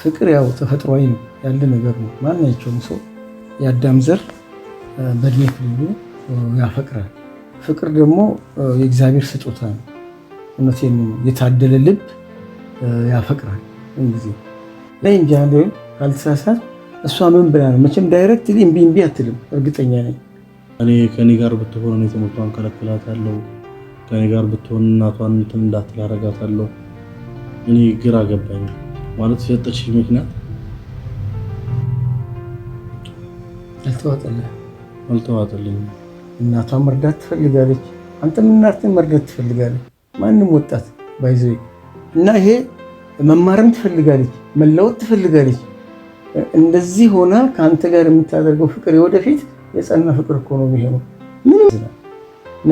ፍቅር ያው ተፈጥሯዊ ነው ያለ ነገር ነው። ማናቸውም ሰው የአዳም ዘር በእድሜ ክልሉ ያፈቅራል። ፍቅር ደግሞ የእግዚአብሔር ስጦታ ነው። እውነቴን የታደለ ልብ ያፈቅራል። ጊዜ ላይ እንጂ ወይም ካልተሳሳት እሷ ምን ብላ ነው መቼም ዳይሬክት እምቢ እምቢ አትልም። እርግጠኛ ነኝ። እኔ ከኔ ጋር ብትሆን እኔ ትምህርቷን ከለክላታለሁ። ከኔ ጋር ብትሆን እናቷን እንትን እንዳትል አደርጋታለሁ እኔ ግራ ገባኝ። ማለት የሰጠች ምክንያት አልተዋጠልህ አልተዋጠልኝ። እናቷን መርዳት ትፈልጋለች፣ አንተም እናትን መርዳት ትፈልጋለች። ማንም ወጣት ባይዘ እና ይሄ መማርም ትፈልጋለች፣ መለወጥ ትፈልጋለች። እንደዚህ ሆና ከአንተ ጋር የምታደርገው ፍቅር የወደፊት የጸና ፍቅር እኮ ነው የሚሆነው። ምንም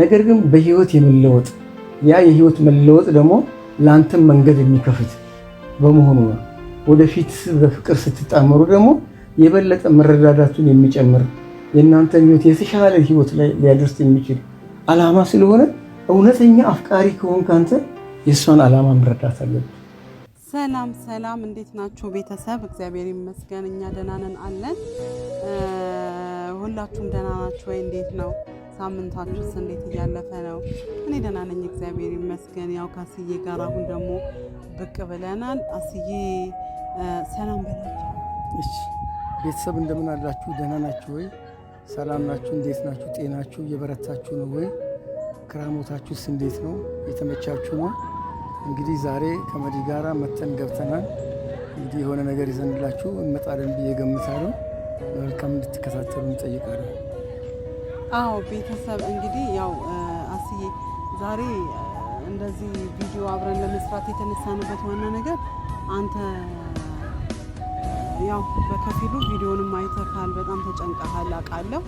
ነገር ግን በህይወት የመለወጥ ያ የህይወት መለወጥ ደግሞ ለአንተም መንገድ የሚከፍት በመሆኑ ነው። ወደፊት በፍቅር ስትጣመሩ ደግሞ የበለጠ መረዳዳቱን የሚጨምር የእናንተ ህይወት የተሻለ ህይወት ላይ ሊያደርስ የሚችል አላማ ስለሆነ እውነተኛ አፍቃሪ ከሆንክ አንተ የእሷን አላማ መረዳት አለብን። ሰላም ሰላም፣ እንዴት ናችሁ ቤተሰብ? እግዚአብሔር ይመስገን እኛ ደህና ነን አለን። ሁላችሁም ደህና ናችሁ ወይ? እንዴት ነው ሳምንታችሁስ እንዴት እያለፈ ነው? እኔ ደህና ነኝ እግዚአብሔር ይመስገን። ያው ከአስዬ ጋር አሁን ደግሞ ብቅ ብለናል። አስዬ ሰላም በላቸው። ቤተሰብ እንደምን አላችሁ? ደህና ናችሁ ወይ? ሰላም ናችሁ? እንዴት ናችሁ? ጤናችሁ እየበረታችሁ ነው ወይ? ክራሞታችሁስ እንዴት ነው? የተመቻችሁ ነው? እንግዲህ ዛሬ ከመዲ ጋራ መተን ገብተናል። እንግዲህ የሆነ ነገር ይዘንላችሁ እንመጣለን ብዬ ገምታለሁ። መልካም እንድትከታተሉ እንጠይቃለን። አዎ ቤተሰብ እንግዲህ ያው አስዬ ዛሬ እንደዚህ ቪዲዮ አብረን ለመስራት የተነሳንበት ዋና ነገር አንተ ያው በከፊሉ ቪዲዮንም አይተካል። በጣም ተጨንቀሃል አውቃለሁ።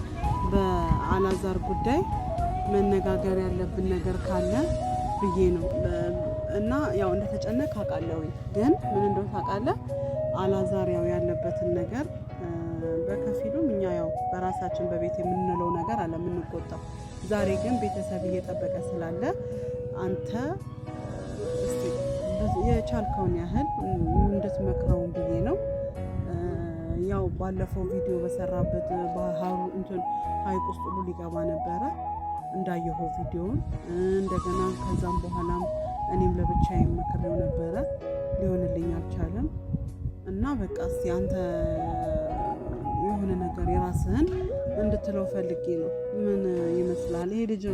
በአላዛር ጉዳይ መነጋገር ያለብን ነገር ካለ ብዬ ነው እና ያው እንደተጨነቅ አውቃለሁ። ግን ምን እንደው ታውቃለህ አላዛር ያው ያለበትን ነገር በከፊሉም እኛ ያው በራሳችን በቤት የምንለው ነገር አለ የምንቆጣው። ዛሬ ግን ቤተሰብ እየጠበቀ ስላለ አንተ የቻልከውን ያህል እንድትመክረውን ብዬ ነው። ያው ባለፈው ቪዲዮ በሰራበት ባህሩ እንትን ሀይቅ ውስጥ ሁሉ ሊገባ ነበረ እንዳየኸው ቪዲዮውን እንደገና ከዛም በኋላም እኔም ለብቻዬ መክሬው ነበረ ሊሆንልኝ አልቻለም። እና በቃ እስቲ አንተ የሆነ ነገር የራስህን እንድትለው ፈልጌ ነው። ምን ይመስላል ይሄ ልጅ?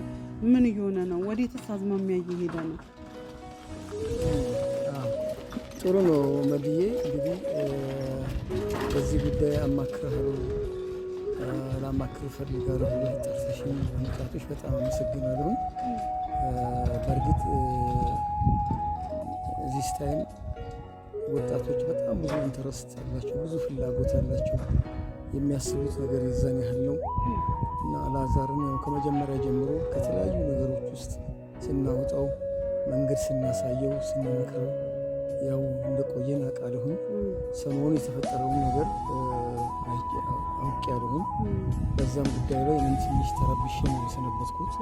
ምን እየሆነ ነው? ወዴትስ አዝማሚያ እየሄደ ነው? ጥሩ ነው መድዬ። እንግዲህ በዚህ ጉዳይ አማክረህ ለአማክር ፈልጋለሁ ብሎ ጠርተሽኝ በመጣትሽ በጣም አመሰግናለሁ። በእርግጥ እዚህ ስታይም ወጣቶች በጣም ብዙ ኢንተረስት አላቸው፣ ብዙ ፍላጎት አላቸው። የሚያስቡት ነገር የዛን ያህል ነው እና ላዛርን ያው ከመጀመሪያ ጀምሮ ከተለያዩ ነገሮች ውስጥ ስናወጣው መንገድ ስናሳየው ስንመክረው ያው እንደቆየን አውቃለሁኝ። ሰሞኑ የተፈጠረውን ነገር አውቄያለሁኝ። በዛም ጉዳይ ላይ ምን ትንሽ ተረብሼ ነው የሰነበትኩት።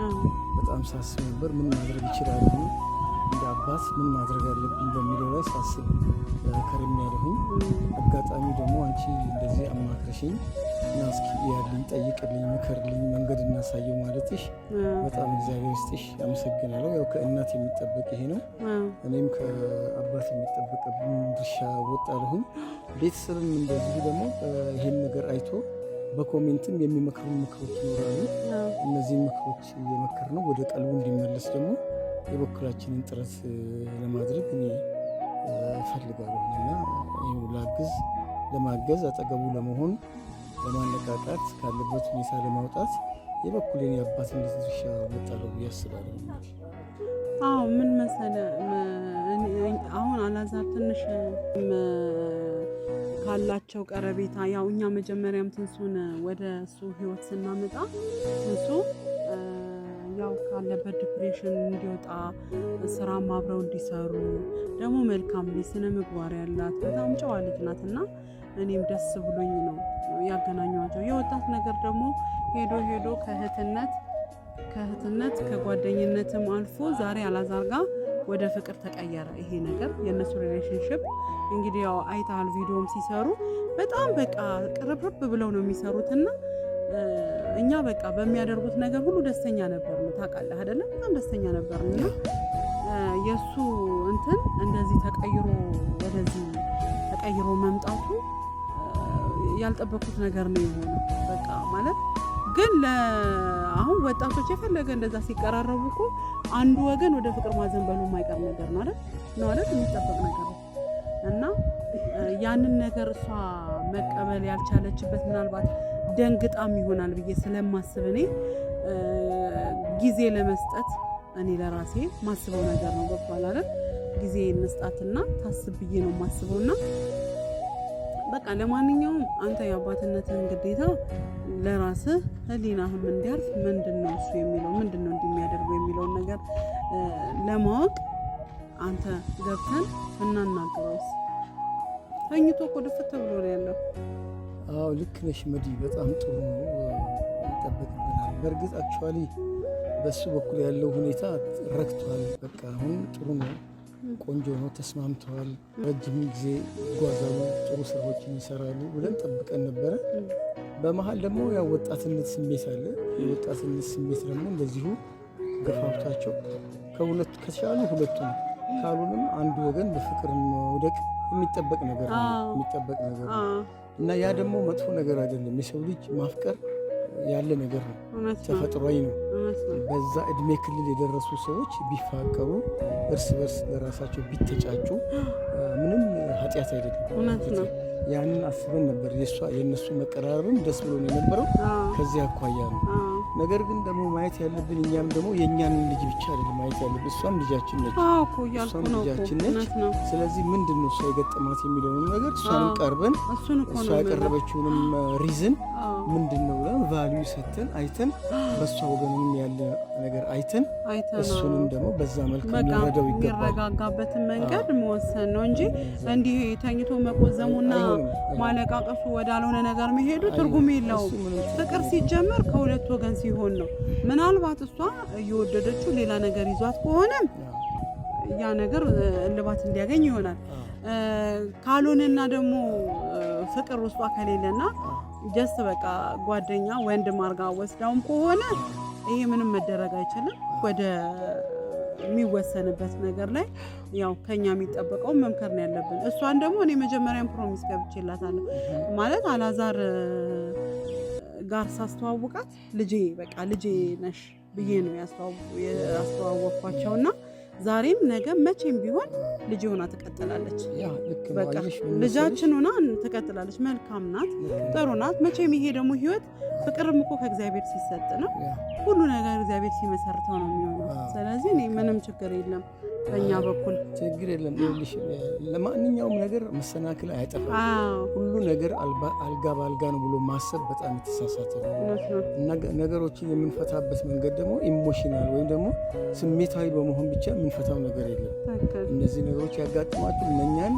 በጣም ሳስብ ነበር ምን ማድረግ ይችላሉ እንደ አባት ምን ማድረግ አለብኝ በሚለው ላይ ሳስብ ከርም ያለሁኝ። አጋጣሚ ደግሞ አንቺ እንደዚህ አማክርሽኝ እና እስኪ ያልኝ ጠይቅልኝ፣ ምከርልኝ፣ መንገድ እናሳየው ማለትሽ በጣም እግዚአብሔር ይስጥሽ፣ አመሰግናለሁ። ያው ከእናት የሚጠበቅ ይሄ ነው። እኔም ከአባት የሚጠበቅብኝ ድርሻ ወጣለሁኝ። ቤተሰብም እንደዚሁ ደግሞ ይሄን ነገር አይቶ በኮሜንትም የሚመክሩ ምክሮች ይኖራሉ። እነዚህን ምክሮች እየመከር ነው ወደ ቀልቡ እንዲመለስ ደግሞ የበኩላችንን ጥረት ለማድረግ እኔ እፈልጋለሁ እና ይህ ላግዝ ለማገዝ አጠገቡ ለመሆን ለማነቃቃት ካለበት ሁኔታ ለማውጣት የበኩሌን የአባትነት ድርሻ መጣለሁ ብዬ አስባለሁ። አዎ ምን መሰለ አሁን አላዛር ትንሽ ካላቸው ቀረቤታ ያው እኛ መጀመሪያም ትንሱን ወደ እሱ ህይወት ስናመጣ ትንሱ ሌላው ካለበት ዲፕሬሽን እንዲወጣ ስራም አብረው እንዲሰሩ ደግሞ መልካም ልጅ ስነ ምግባር ያላት በጣም ጨዋ ልጅ ናት እና እኔም ደስ ብሎኝ ነው ያገናኘኋቸው። የወጣት ነገር ደግሞ ሄዶ ሄዶ ከእህትነት ከእህትነት ከጓደኝነትም አልፎ ዛሬ አላዛር ወደ ፍቅር ተቀየረ። ይሄ ነገር የእነሱ ሪሌሽንሽፕ እንግዲህ ያው አይተሃል፣ ቪዲዮም ሲሰሩ በጣም በቃ ቅርብርብ ብለው ነው የሚሰሩትና እኛ በቃ በሚያደርጉት ነገር ሁሉ ደስተኛ ነበር። ታውቃለህ አይደለም? በጣም ደስተኛ ነበር እና የእሱ እንትን እንደዚህ ተቀይሮ ወደዚህ ተቀይሮ መምጣቱ ያልጠበኩት ነገር ነው የሆነ በቃ ማለት ግን አሁን ወጣቶች የፈለገ እንደዛ ሲቀራረቡ እኮ አንዱ ወገን ወደ ፍቅር ማዘንበሉ የማይቀር ነገር ነው አይደል? ነው አይደል? የሚጠበቅ ነገር ነው እና ያንን ነገር እሷ መቀበል ያልቻለችበት ምናልባት ደንግጣም ይሆናል ብዬ ስለማስብ እኔ ጊዜ ለመስጠት እኔ ለራሴ ማስበው ነገር ነው። ገባል አይደል? ጊዜ መስጣትና ታስብ ብዬ ነው ማስበውና በቃ ለማንኛውም አንተ የአባትነትን ግዴታ ለራስህ ህሊናህም እንዲያርፍ ምንድን ነው እሱ የሚለው ምንድን ነው እንደሚያደርገው የሚለውን ነገር ለማወቅ አንተ ገብተን እናናገረውስ ተኝቶ እኮ ድፍት ብሎ ነው ያለው። አዎ ልክ ነሽ መዲ፣ በጣም ጥሩ ይጠበቅብናል። በእርግጥ አክቹዋሊ በሱ በኩል ያለው ሁኔታ ረክቷል። በቃ አሁን ጥሩ ነው፣ ቆንጆ ነው፣ ተስማምተዋል። ረጅም ጊዜ ይጓዛሉ፣ ጥሩ ስራዎችን ይሰራሉ ብለን ጠብቀን ነበረ። በመሀል ደግሞ ያው ወጣትነት ስሜት አለ። የወጣትነት ስሜት ደግሞ እንደዚሁ ገፋፍቷቸው ከሁለቱ ከተሻሉ ሁለቱ ነው ካልሆነም አንዱ ወገን በፍቅር መውደቅ የሚጠበቅ ነገር ነው የሚጠበቅ ነገር ነው። እና ያ ደግሞ መጥፎ ነገር አይደለም። የሰው ልጅ ማፍቀር ያለ ነገር ነው። ተፈጥሯዊ ነው። በዛ እድሜ ክልል የደረሱ ሰዎች ቢፋቀሩ፣ እርስ በርስ ለራሳቸው ቢተጫጩ ምንም ኃጢአት አይደለም። ያንን አስበን ነበር። የእነሱ መቀራረብም ደስ ብሎ የነበረው ከዚህ አኳያ ነው። ነገር ግን ደግሞ ማየት ያለብን እኛም ደግሞ የእኛንን ልጅ ብቻ አይደለም ማየት ያለብን፣ እሷም ልጃችን ነች፣ እሷም ልጃችን ነች። ስለዚህ ምንድን ነው እሷ የገጠማት የሚለውን ነገር እሷንም ቀርበን እሷ ያቀረበችውንም ሪዝን ምንድን ነው ብለን ቫልዩ ሰተን አይተን አይተን በእሷ ወገንም ያለ ነገር አይተን እሱንም ደግሞ በዛ መልክ ልንረዳው ይገባል። የሚረጋጋበትን መንገድ መወሰን ነው እንጂ እንዲህ ተኝቶ መቆዘሙና ማለቃቀሱ ወዳልሆነ ነገር መሄዱ ትርጉም የለውም። ፍቅር ሲጀመር ከሁለት ወገን ሲሆን ነው። ምናልባት እሷ እየወደደችው ሌላ ነገር ይዟት ከሆነ ያ ነገር እልባት እንዲያገኝ ይሆናል። ካልሆነና ደግሞ ፍቅር ውስጧ ከሌለና ጀስት በቃ ጓደኛ ወንድም አርጋ ወስዳውም ከሆነ ይሄ ምንም መደረግ አይችልም። ወደ የሚወሰንበት ነገር ላይ ያው ከኛ የሚጠበቀው መምከር ነው ያለብን። እሷን ደግሞ እኔ መጀመሪያን ፕሮሚስ ገብቼላታለሁ ማለት አላዛር ጋር ሳስተዋውቃት ልጄ በቃ ልጄ ነሽ ብዬ ነው ያስተዋወቅኳቸውና ዛሬም ነገ መቼም ቢሆን ልጅ ሆና ትቀጥላለች። በቃ ልጃችን ሆና ትቀጥላለች። መልካም ናት፣ ጥሩ ናት። መቼም ይሄ ደግሞ ህይወት ፍቅርም እኮ ከእግዚአብሔር ሲሰጥ ነው። ሁሉ ነገር እግዚአብሔር ሲመሰርተው ነው የሚሆነው። ስለዚህ እኔ ምንም ችግር የለም። በእኛ በኩል ችግር የለም። ለማንኛውም ነገር መሰናክል አያጠፋም። ሁሉ ነገር አልጋ በአልጋ ነው ብሎ ማሰብ በጣም የተሳሳተ ነው። ነገሮችን የምንፈታበት መንገድ ደግሞ ኢሞሽናል ወይም ደግሞ ስሜታዊ በመሆን ብቻ የምንፈታው ነገር የለም። እነዚህ ነገሮች ያጋጥማችሁ እነኛን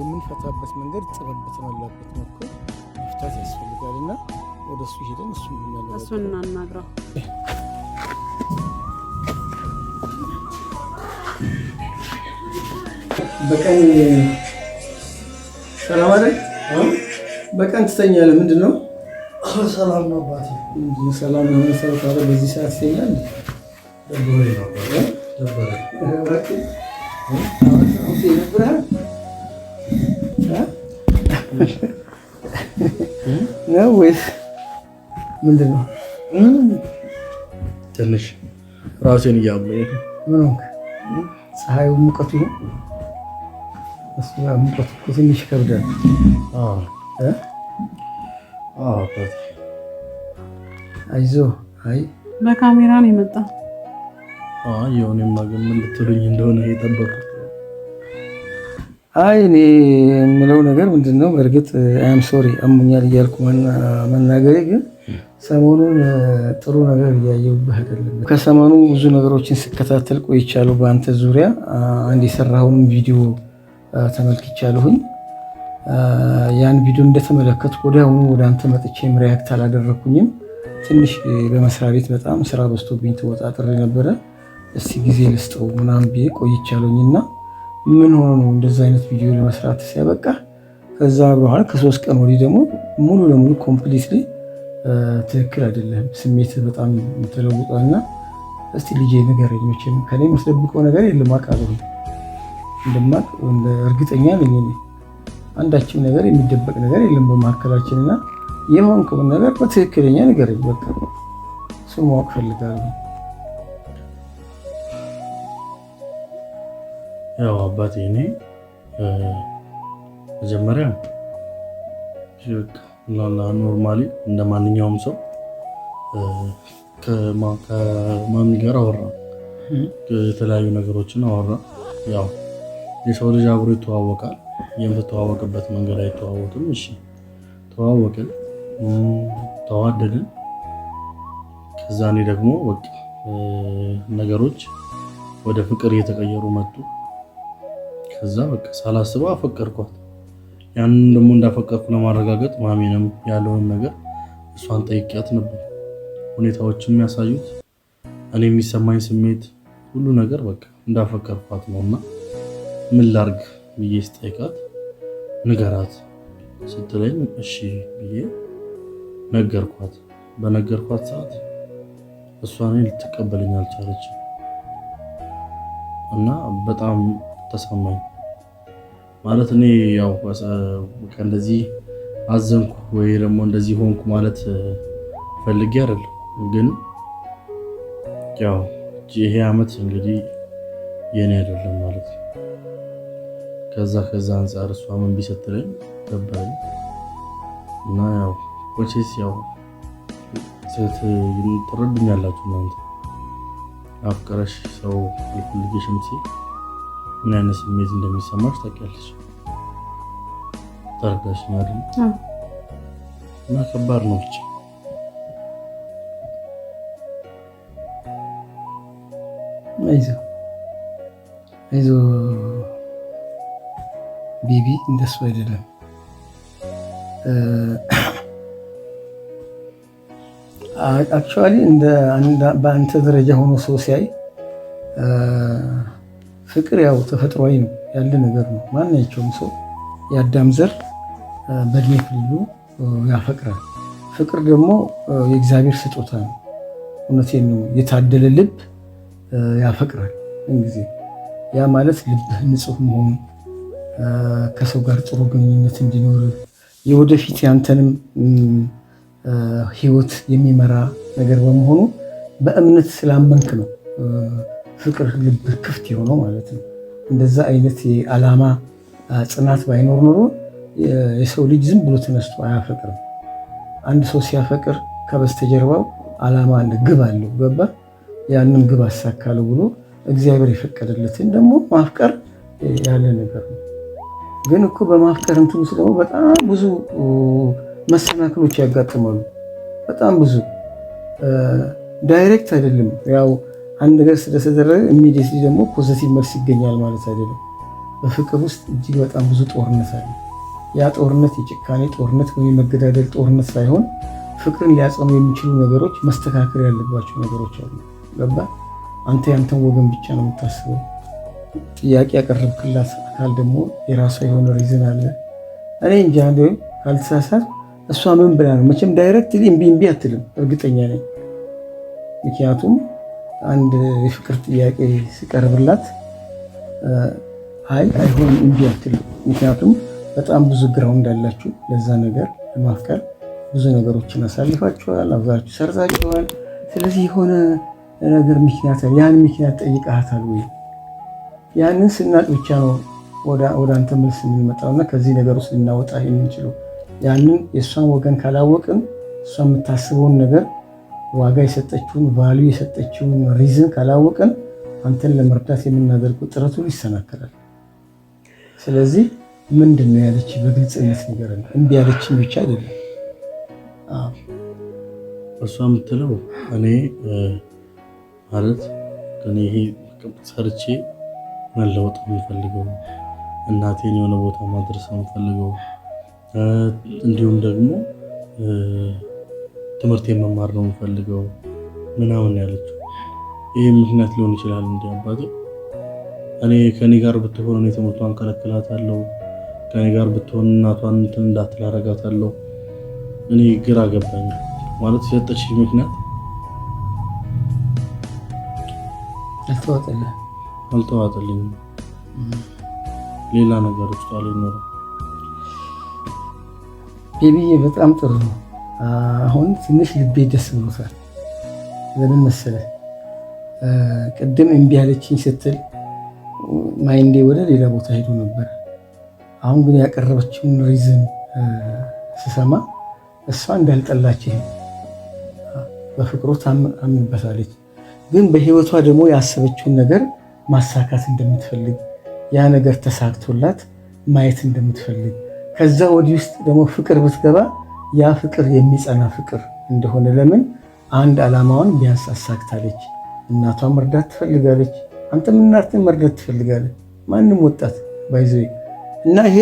የምንፈታበት መንገድ ጥበብ በተሞላበት መልኩ መፍታት ያስፈልጋል እና ወደ እሱ ሄደን እሱ እናናግረው። በቀን ሰላም አይደል? በቀን ትተኛለህ? ምንድን ነው? ሰላም ነው አባቴ። ሰላም ነው በዚህ ሰዓት ትተኛለህ? ነው ወይስ ምንድን ነው? ትንሽ ራሴን ፀሐዩ ሙቀቱ ነው እሱ ሙቀት እኮ ትንሽ ይከብዳል። አይ በካሜራ ነው የመጣ የሆነ ማገም እንደሆነ የጠበቁት። አይ እኔ የምለው ነገር ምንድን ነው፣ በእርግጥ አም ሶሪ አሙኛል እያልኩ መናገሬ፣ ግን ሰሞኑን ጥሩ ነገር እያየሁብህ አይደለም። ከሰሞኑ ብዙ ነገሮችን ስከታተል ቆይቻለሁ በአንተ ዙሪያ። አንድ የሰራውን ቪዲዮ ተመልክቻለሁኝ። ያን ቪዲዮ እንደተመለከትኩ ወዲያውኑ ወደ አንተ መጥቼም ሪያክት አላደረኩኝም። ትንሽ በመስሪያ ቤት በጣም ስራ በዝቶብኝ ተወጣጥሬ ነበረ። እስቲ ጊዜ ልስጠው ምናምን ብዬ ቆይቻለሁኝ እና ምን ሆኖ ነው እንደዚ አይነት ቪዲዮ ለመስራት ሲያበቃ ከዛ በኋላ ከሶስት ቀን ወዲህ ደግሞ ሙሉ ለሙሉ ኮምፕሊትሊ ትክክል አይደለም፣ ስሜት በጣም ተለውጧልና እስቲ ልጄ ንገረኝ። መቼም ከኔ የምትደብቀው ነገር የለም አውቃለሁ። እንደማቅ እርግጠኛ ነኝ። አንዳችም ነገር የሚደበቅ ነገር የለም በመካከላችን እና የሆንከውን ነገር በትክክለኛ ነገር በቃ እሱን ማወቅ ፈልጋለሁ። ያው አባቴ እኔ መጀመሪያ ኖርማሊ እንደ ማንኛውም ሰው ከማሚ ጋር አወራ፣ የተለያዩ ነገሮችን አወራ ያው የሰው ልጅ አብሮ ይተዋወቃል። የምትተዋወቅበት መንገድ አይተዋወቅም። እሺ ተዋወቅን፣ ተዋደድን። ከዛ እኔ ደግሞ በቃ ነገሮች ወደ ፍቅር እየተቀየሩ መጡ። ከዛ በቃ ሳላስበው አፈቀርኳት። ያንን ደግሞ እንዳፈቀርኩ ለማረጋገጥ ማሚንም ያለውን ነገር እሷን ጠይቂያት ነበር። ሁኔታዎች የሚያሳዩት እኔ የሚሰማኝ ስሜት ሁሉ ነገር በቃ እንዳፈቀርኳት ነው እና ምን ላርግ ብዬ ስጠይቃት ንገራት ስትለኝ እሺ ብዬ ነገርኳት። በነገርኳት ሰዓት እሷ እኔን ልትቀበለኝ አልቻለች እና በጣም ተሰማኝ። ማለት እኔ ያው እንደዚህ አዘንኩ ወይ ደግሞ እንደዚህ ሆንኩ ማለት ፈልጌ አይደለም። ግን ያው ይሄ አመት እንግዲህ የኔ አይደለም ማለት ነው ከዛ ከዛ አንጻር እሷ ምን ቢሰትለኝ ደበረኝ እና ያው ቆቼስ ያው ትረዱኛላችሁ እናንተ አፍቀረሽ ሰው የፈልጌሽ ሲ ምን አይነት ስሜት እንደሚሰማሽ ታውቂያለሽ። ተረዳሽኛል እና ከባድ ነው ብቻ አይዞህ አይዞህ ቲቪ እንደሱ አይደለም። አክቹዋሊ በአንተ ደረጃ ሆኖ ሰው ሲያይ uh, ፍቅር ያው ተፈጥሯዊ ነው ያለ ነገር ነው። ማናቸውም ሰው የአዳም ዘር uh, በእድሜ ክልሉ uh, ያፈቅራል። ፍቅር ደግሞ የእግዚአብሔር ስጦታ ነው። እውነት ነው። የታደለ ልብ ያፈቅራል ያ ማለት ልብህ ንጹህ መሆኑ ከሰው ጋር ጥሩ ግንኙነት እንዲኖር የወደፊት ያንተንም ህይወት የሚመራ ነገር በመሆኑ በእምነት ስላመንክ ነው ፍቅር ልብ ክፍት የሆነው ማለት ነው። እንደዛ አይነት የዓላማ ጽናት ባይኖር ኖሮ የሰው ልጅ ዝም ብሎ ተነስቶ አያፈቅርም። አንድ ሰው ሲያፈቅር ከበስተጀርባው ዓላማ አለ፣ ግብ አለው። ገባ ያንን ግብ አሳካለሁ ብሎ እግዚአብሔር የፈቀደለትን ደግሞ ማፍቀር ያለ ነገር ነው። ግን እኮ በማፍቀር እንትን ውስጥ ደግሞ በጣም ብዙ መሰናክሎች ያጋጥማሉ። በጣም ብዙ ዳይሬክት አይደለም። ያው አንድ ነገር ስለተደረገ ኢሚዲየትሊ ደግሞ ፖዘቲቭ መልስ ይገኛል ማለት አይደለም። በፍቅር ውስጥ እጅግ በጣም ብዙ ጦርነት አለ። ያ ጦርነት የጭካኔ ጦርነት ወይም የመገዳደል ጦርነት ሳይሆን ፍቅርን ሊያጸኑ የሚችሉ ነገሮች፣ መስተካከል ያለባቸው ነገሮች አሉ። ገባ አንተ ያንተን ወገን ብቻ ነው የምታስበው ጥያቄ ያቀረብክላት አካል ደግሞ የራሷ የሆነ ሪዝን አለ። እኔ እንጂ አንድ ወይም ካልተሳሳት እሷ ምን ብላ ነው? መቼም ዳይሬክት እምቢ እምቢ አትልም፣ እርግጠኛ ነኝ። ምክንያቱም አንድ የፍቅር ጥያቄ ሲቀርብላት አይ አይሆንም እምቢ አትልም። ምክንያቱም በጣም ብዙ ግራው እንዳላችሁ ለዛ ነገር ለማፍቀር ብዙ ነገሮችን አሳልፋችኋል፣ አብዛችሁ ሰርታችኋል። ስለዚህ የሆነ ነገር ምክንያት ያን ምክንያት ጠይቃታል ወይ ያንን ስናቅ ብቻ ነው ወደ አንተ መልስ የሚመጣውና ከዚህ ነገር ውስጥ ልናወጣ የምንችለው። ያንን የእሷን ወገን ካላወቅን እሷ የምታስበውን ነገር ዋጋ የሰጠችውን ቫሉ የሰጠችውን ሪዝን ካላወቅን አንተን ለመርዳት የምናደርገው ጥረቱ ይሰናከላል። ስለዚህ ምንድን ነው ያለች በግልጽነት ነገር እንዲ ያለች ብቻ አይደለም እሷ የምትለው እኔ ማለት እኔ ይሄ ሰርቼ መለወጥ የምፈልገው እናቴን የሆነ ቦታ ማድረስ የምፈልገው እንዲሁም ደግሞ ትምህርት የመማር ነው የምፈልገው ምናምን ያለችው። ይህም ምክንያት ሊሆን ይችላል እንዲ አባቴ እኔ ከኔ ጋር ብትሆን እኔ ትምህርቷን ከለክላታለሁ፣ ከኔ ጋር ብትሆን እናቷን እንትን እንዳትላረጋታለሁ። እኔ ግራ ገባኝ ማለት የሰጠችኝ ምክንያት አልተዋጠልኝም። ሌላ ነገር ውስጥ አልኖረ ቤቢዬ፣ በጣም ጥሩ ነው። አሁን ትንሽ ልቤ ደስ ብሎታል። ለምን መሰለህ? ቅድም እምቢ አለችኝ ስትል ማይንዴ ወደ ሌላ ቦታ ሄዶ ነበር። አሁን ግን ያቀረበችውን ሪዝን ስሰማ እሷ እንዳልጠላችህ በፍቅሩ ታምንበታለች። ግን በህይወቷ ደግሞ ያሰበችውን ነገር ማሳካት እንደምትፈልግ ያ ነገር ተሳክቶላት ማየት እንደምትፈልግ ከዛ ወዲህ ውስጥ ደግሞ ፍቅር ብትገባ ያ ፍቅር የሚጸና ፍቅር እንደሆነ ለምን አንድ ዓላማዋን ቢያንስ አሳክታለች። እናቷ መርዳት ትፈልጋለች። አንተም እናትን መርዳት ትፈልጋለች። ማንም ወጣት ባይዘ እና ይሄ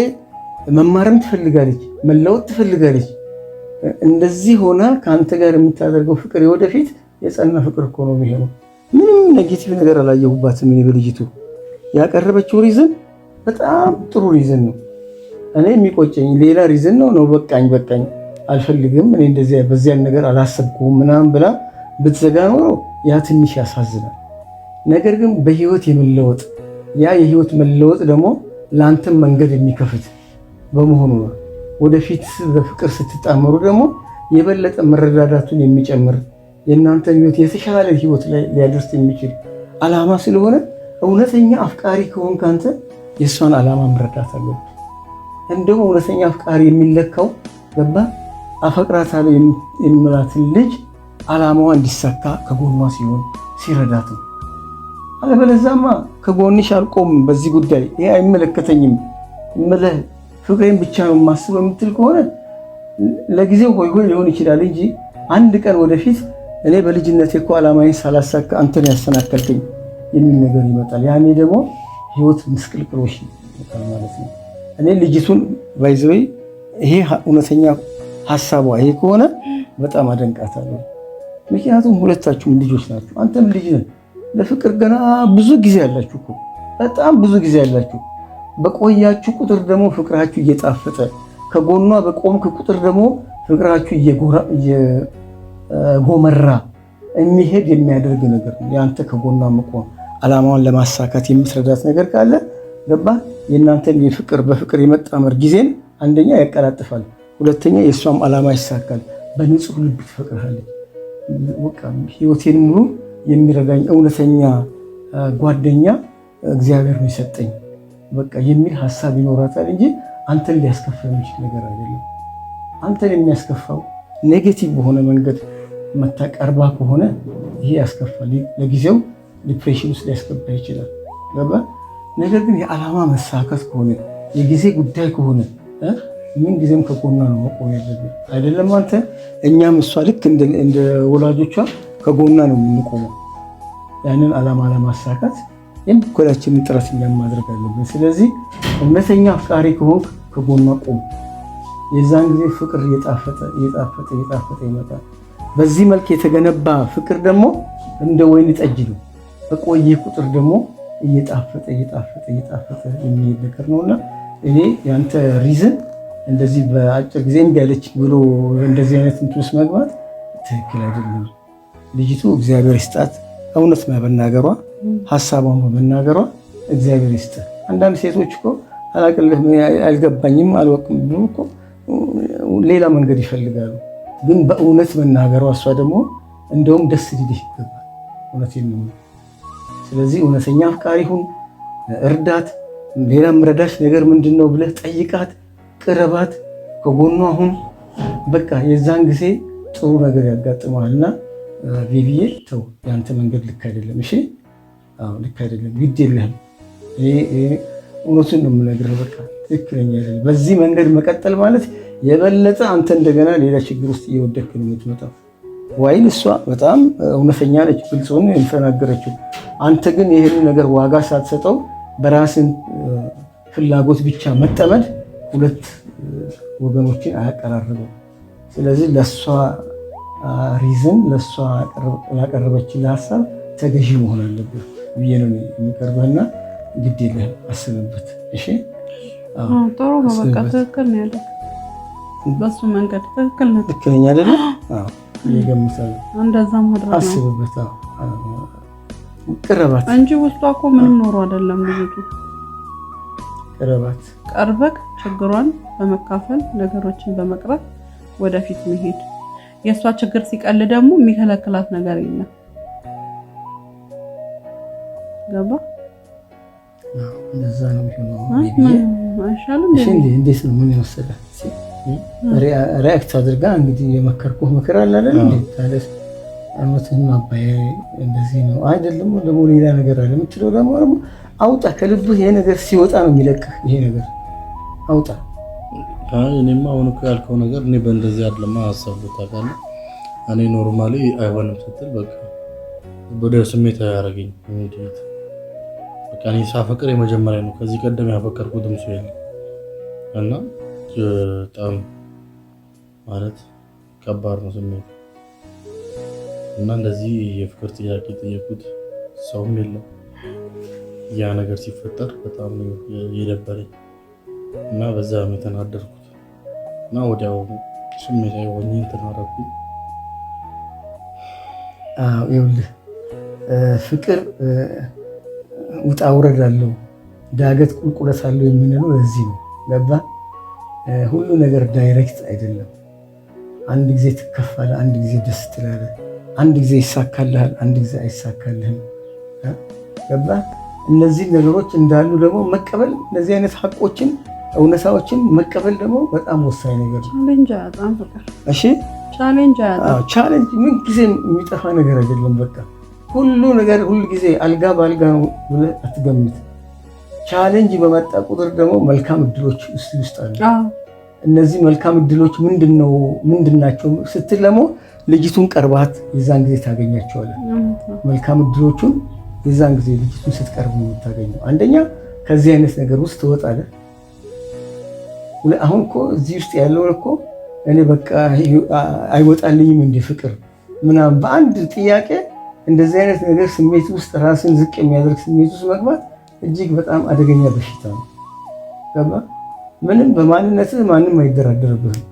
መማርም ትፈልጋለች፣ መለወጥ ትፈልጋለች። እንደዚህ ሆና ከአንተ ጋር የምታደርገው ፍቅር የወደፊት የጸና ፍቅር እኮ ነው የሚሆነው። ኔጌቲቭ ነገር አላየሁባትም። እኔ በልጅቱ ያቀረበችው ሪዝን በጣም ጥሩ ሪዝን ነው። እኔ የሚቆጨኝ ሌላ ሪዝን ነው ነው በቃኝ በቃኝ አልፈልግም እኔ እንደዚያ በዚያን ነገር አላሰብኩም ምናምን ብላ ብትዘጋ ኖሮ ያ ትንሽ ያሳዝናል። ነገር ግን በህይወት የመለወጥ ያ የህይወት መለወጥ ደግሞ ለአንተም መንገድ የሚከፍት በመሆኑ ነው። ወደፊት በፍቅር ስትጣመሩ ደግሞ የበለጠ መረዳዳቱን የሚጨምር የእናንተ ህይወት የተሻለ ህይወት ላይ ሊያደርስ የሚችል አላማ ስለሆነ እውነተኛ አፍቃሪ ከሆንክ አንተ የእሷን አላማ መረዳት አለብህ። እንደውም እውነተኛ አፍቃሪ የሚለካው ገባ አፈቅራታለሁ የሚላትን ልጅ አላማዋ እንዲሳካ ከጎኗ ሲሆን ሲረዳት ነው። አለበለዛማ ከጎንሽ አልቆምም፣ በዚህ ጉዳይ ይሄ አይመለከተኝም እምልህ ፍቅሬን ብቻ ነው የማስበው የምትል ከሆነ ለጊዜው ሆይ ሆይ ሊሆን ይችላል እንጂ አንድ ቀን ወደፊት እኔ በልጅነት እኮ ዓላማዬን ሳላሳካ አንተን ያሰናከልከኝ የሚል ነገር ይመጣል። ያኔ ደግሞ ህይወት ምስቅልቅሎሽ ማለት ነው። እኔ ልጅቱን ባይዘወይ ይሄ እውነተኛ ሀሳቧ ይሄ ከሆነ በጣም አደንቃታለሁ። ምክንያቱም ሁለታችሁም ልጆች ናችሁ። አንተም ልጅ ነህ። ለፍቅር ገና ብዙ ጊዜ ያላችሁ እኮ በጣም ብዙ ጊዜ ያላችሁ። በቆያችሁ ቁጥር ደግሞ ፍቅራችሁ እየጣፈጠ ከጎኗ በቆምክ ቁጥር ደግሞ ፍቅራችሁ ጎመራ የሚሄድ የሚያደርግ ነገር ነው። የአንተ ከጎኗ መቆም አላማዋን ለማሳካት የምትረዳት ነገር ካለ ገባ የእናንተን የፍቅር በፍቅር የመጣመር ጊዜን አንደኛ ያቀላጥፋል፣ ሁለተኛ የእሷም አላማ ይሳካል። በንጹህ ልብ ትፈቅርሃለች። ህይወቴን ሙሉ የሚረዳኝ እውነተኛ ጓደኛ እግዚአብሔር ነው የሰጠኝ በቃ የሚል ሀሳብ ይኖራታል እንጂ አንተን ሊያስከፋ የሚችል ነገር አይደለም። አንተን የሚያስከፋው ኔጌቲቭ በሆነ መንገድ መታቀርባ ከሆነ ይሄ ያስከፋል። ለጊዜው ዲፕሬሽን ውስጥ ሊያስገባ ይችላል። ገባ። ነገር ግን የዓላማ መሳከት ከሆነ የጊዜ ጉዳይ ከሆነ ምን ጊዜም ከጎኗ ነው መቆም ያለብን። አይደለም አንተ እኛም እሷ ልክ እንደ ወላጆቿ ከጎኗ ነው የምንቆመው። ያንን ዓላማ ለማሳካት የበኩላችንን ጥረት እኛም ማድረግ አለብን። ስለዚህ እውነተኛ አፍቃሪ ከሆንክ ከጎኗ ቆም። የዛን ጊዜ ፍቅር እየጣፈጠ እየጣፈጠ እየጣፈጠ ይመጣል። በዚህ መልክ የተገነባ ፍቅር ደግሞ እንደ ወይን ጠጅ ነው። በቆየ ቁጥር ደግሞ እየጣፈጠ እየጣፈጠ እየጣፈጠ የሚሄድ ነገር ነውና እኔ ያንተ ሪዝን እንደዚህ በአጭር ጊዜ እንዲያለች ብሎ እንደዚህ አይነት እንትን መግባት ትክክል አይደለም። ልጅቱ እግዚአብሔር ይስጣት፣ እውነት በመናገሯ ሀሳቧን በመናገሯ እግዚአብሔር ይስጥ። አንዳንድ ሴቶች እኮ አላቅልህ፣ አልገባኝም፣ አልወቅም ብሎ እኮ ሌላ መንገድ ይፈልጋሉ። ግን በእውነት መናገሯ እሷ ደግሞ እንደውም ደስ ሊልህ ይገባል። እውነቴን ነው። ስለዚህ እውነተኛ አፍቃሪ ሁን፣ እርዳት። ሌላ ምረዳሽ ነገር ምንድን ነው ብለህ ጠይቃት፣ ቅረባት፣ ከጎኗ አሁን በቃ የዛን ጊዜ ጥሩ ነገር ያጋጥመሃልና ቪቪዬ ተው፣ የአንተ መንገድ ልክ አይደለም። እሺ፣ ልክ አይደለም። ግድ የለህም። እውነቱን ነው የምነግርህ። በቃ ትክክለኛ አይደለም። በዚህ መንገድ መቀጠል ማለት የበለጠ አንተ እንደገና ሌላ ችግር ውስጥ እየወደክ ነው የምትመጣው። ዋይን እሷ በጣም እውነተኛ ነች፣ ግልጽ ሆኖ የተናገረችው። አንተ ግን ይህን ነገር ዋጋ ሳትሰጠው በራስን ፍላጎት ብቻ መጠመድ ሁለት ወገኖችን አያቀራርብም። ስለዚህ ለእሷ ሪዝን ለእሷ ያቀረበችን ለሀሳብ ተገዢ መሆን አለብህ ብዬ ነው የሚቀርበህና ግድ የለህም አስብበት። እሺ ጥሩ ነው። በቃ ትክክል ነው ያለው በሱ መንገድ ትክክል ነው። ትክክለኛ አይደለም። ይገምታል። እንደዛ ማድረግ አስብበት። ቅርበት እንጂ ውስጧ እኮ ምንም ኖሮ አይደለም ልጅቱ። ቅርበት ቀርበክ ችግሯን በመካፈል ነገሮችን በመቅረብ ወደፊት መሄድ። የእሷ ችግር ሲቀል ደግሞ የሚከለክላት ነገር የለም። ገባ? እንደዛ ነው አይሻልም? እንዴት ነው ምን ይመስላል? ሪያክት አድርጋ እንግዲህ የመከርኩ ምክር አለ አይደል? ታለስ አመትን ማባዬ እንደዚህ ነው አይደለም፣ ደግሞ ሌላ ነገር አለ የምትለው ደግሞ አውጣ። ከልብህ ይሄ ነገር ሲወጣ ነው የሚለቅህ። ይሄ ነገር አውጣ። እኔማ አሁን እኮ ያልከው ነገር እኔ በእንደዚህ አይደለማ ሀሳብ ታውቃለህ። እኔ ኖርማሊ አይሆንም ስትል በቃ ወደ ስሜት ያደረገኝ በቃ እኔ ሳፈቅር የመጀመሪያ ነው። ከዚህ ቀደም ያፈቀርኩትም ሰው የለም እና በጣም ማለት ከባድ ነው ስሜት እና እንደዚህ የፍቅር ጥያቄ ጠየቁት ሰውም የለም። ያ ነገር ሲፈጠር በጣም የደበረኝ እና በዛም የተናደርኩት እና ወዲያው ስሜታዊ ሆኜ እንትን አደረኩኝ። ይኸውልህ ፍቅር ውጣ ውረድ አለው፣ ዳገት ቁልቁለት አለው የምንለው እዚህ ነው። ገባህ? ሁሉ ነገር ዳይሬክት አይደለም። አንድ ጊዜ ትከፋለህ፣ አንድ ጊዜ ደስ ትላለህ፣ አንድ ጊዜ ይሳካልሃል፣ አንድ ጊዜ አይሳካልህም። ገባህ? እነዚህ ነገሮች እንዳሉ ደግሞ መቀበል፣ እነዚህ አይነት ሀቆችን እውነታዎችን መቀበል ደግሞ በጣም ወሳኝ ነገር ነው። ቻሌንጅ ምን ጊዜ የሚጠፋ ነገር አይደለም። በቃ ሁሉ ነገር ሁል ጊዜ አልጋ በአልጋ ነው ብለህ አትገምት። ቻሌንጅ በመጣ ቁጥር ደግሞ መልካም እድሎች ውስጥ ውስጥ አሉ። እነዚህ መልካም እድሎች ምንድነው ምንድናቸው ስትል ደግሞ ልጅቱን ቀርባት የዛን ጊዜ ታገኛቸዋለን። መልካም እድሎቹን የዛን ጊዜ ልጅቱን ስትቀርብ የምታገኘው አንደኛ ከዚህ አይነት ነገር ውስጥ ትወጣለህ። አሁን እኮ እዚህ ውስጥ ያለው እኮ እኔ በቃ አይወጣልኝም እንደ ፍቅር ምናምን በአንድ ጥያቄ እንደዚህ አይነት ነገር ስሜት ውስጥ ራስን ዝቅ የሚያደርግ ስሜት ውስጥ መግባት እጅግ በጣም አደገኛ በሽታ ነው። ገባ ምንም በማንነትህ ማንም አይደራደርብህም።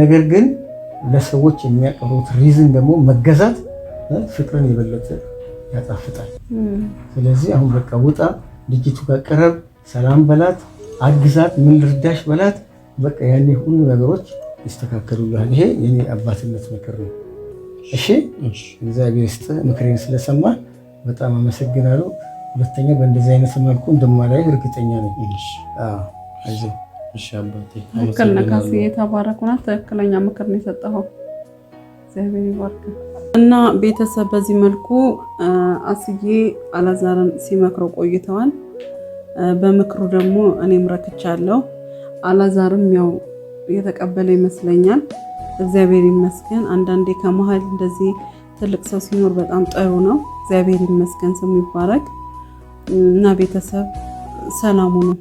ነገር ግን ለሰዎች የሚያቀርቡት ሪዝን ደግሞ መገዛት ፍቅርን የበለጠ ያጣፍጣል። ስለዚህ አሁን በቃ ውጣ፣ ልጅቱ ጋር ሰላም በላት፣ አግዛት፣ ምን ልርዳሽ በላት። በቃ ያኔ ሁሉ ነገሮች ይስተካከሉልሃል። ይሄ የኔ አባትነት ምክር ነው። እሺ፣ እግዚአብሔር ይስጥ። ምክሬን ስለሰማ በጣም አመሰግናለሁ። ሁለተኛ በእንደዚህ አይነት መልኩ እንደማላይ እርግጠኛ ነኝ። ትክክል የተባረኩ ናት። ትክክለኛ ምክር ነው የሰጠኸው። እግዚአብሔር ይባርክ እና ቤተሰብ በዚህ መልኩ አስዬ አላዛርን ሲመክረው ቆይተዋል። በምክሩ ደግሞ እኔም ረክቻለሁ። አላዛርም ያው የተቀበለ ይመስለኛል። እግዚአብሔር ይመስገን። አንዳንዴ ከመሀል እንደዚህ ትልቅ ሰው ሲኖር በጣም ጥሩ ነው። እግዚአብሔር ይመስገን፣ ስሙ ይባረክ። እና ቤተሰብ ሰላሙ ነው።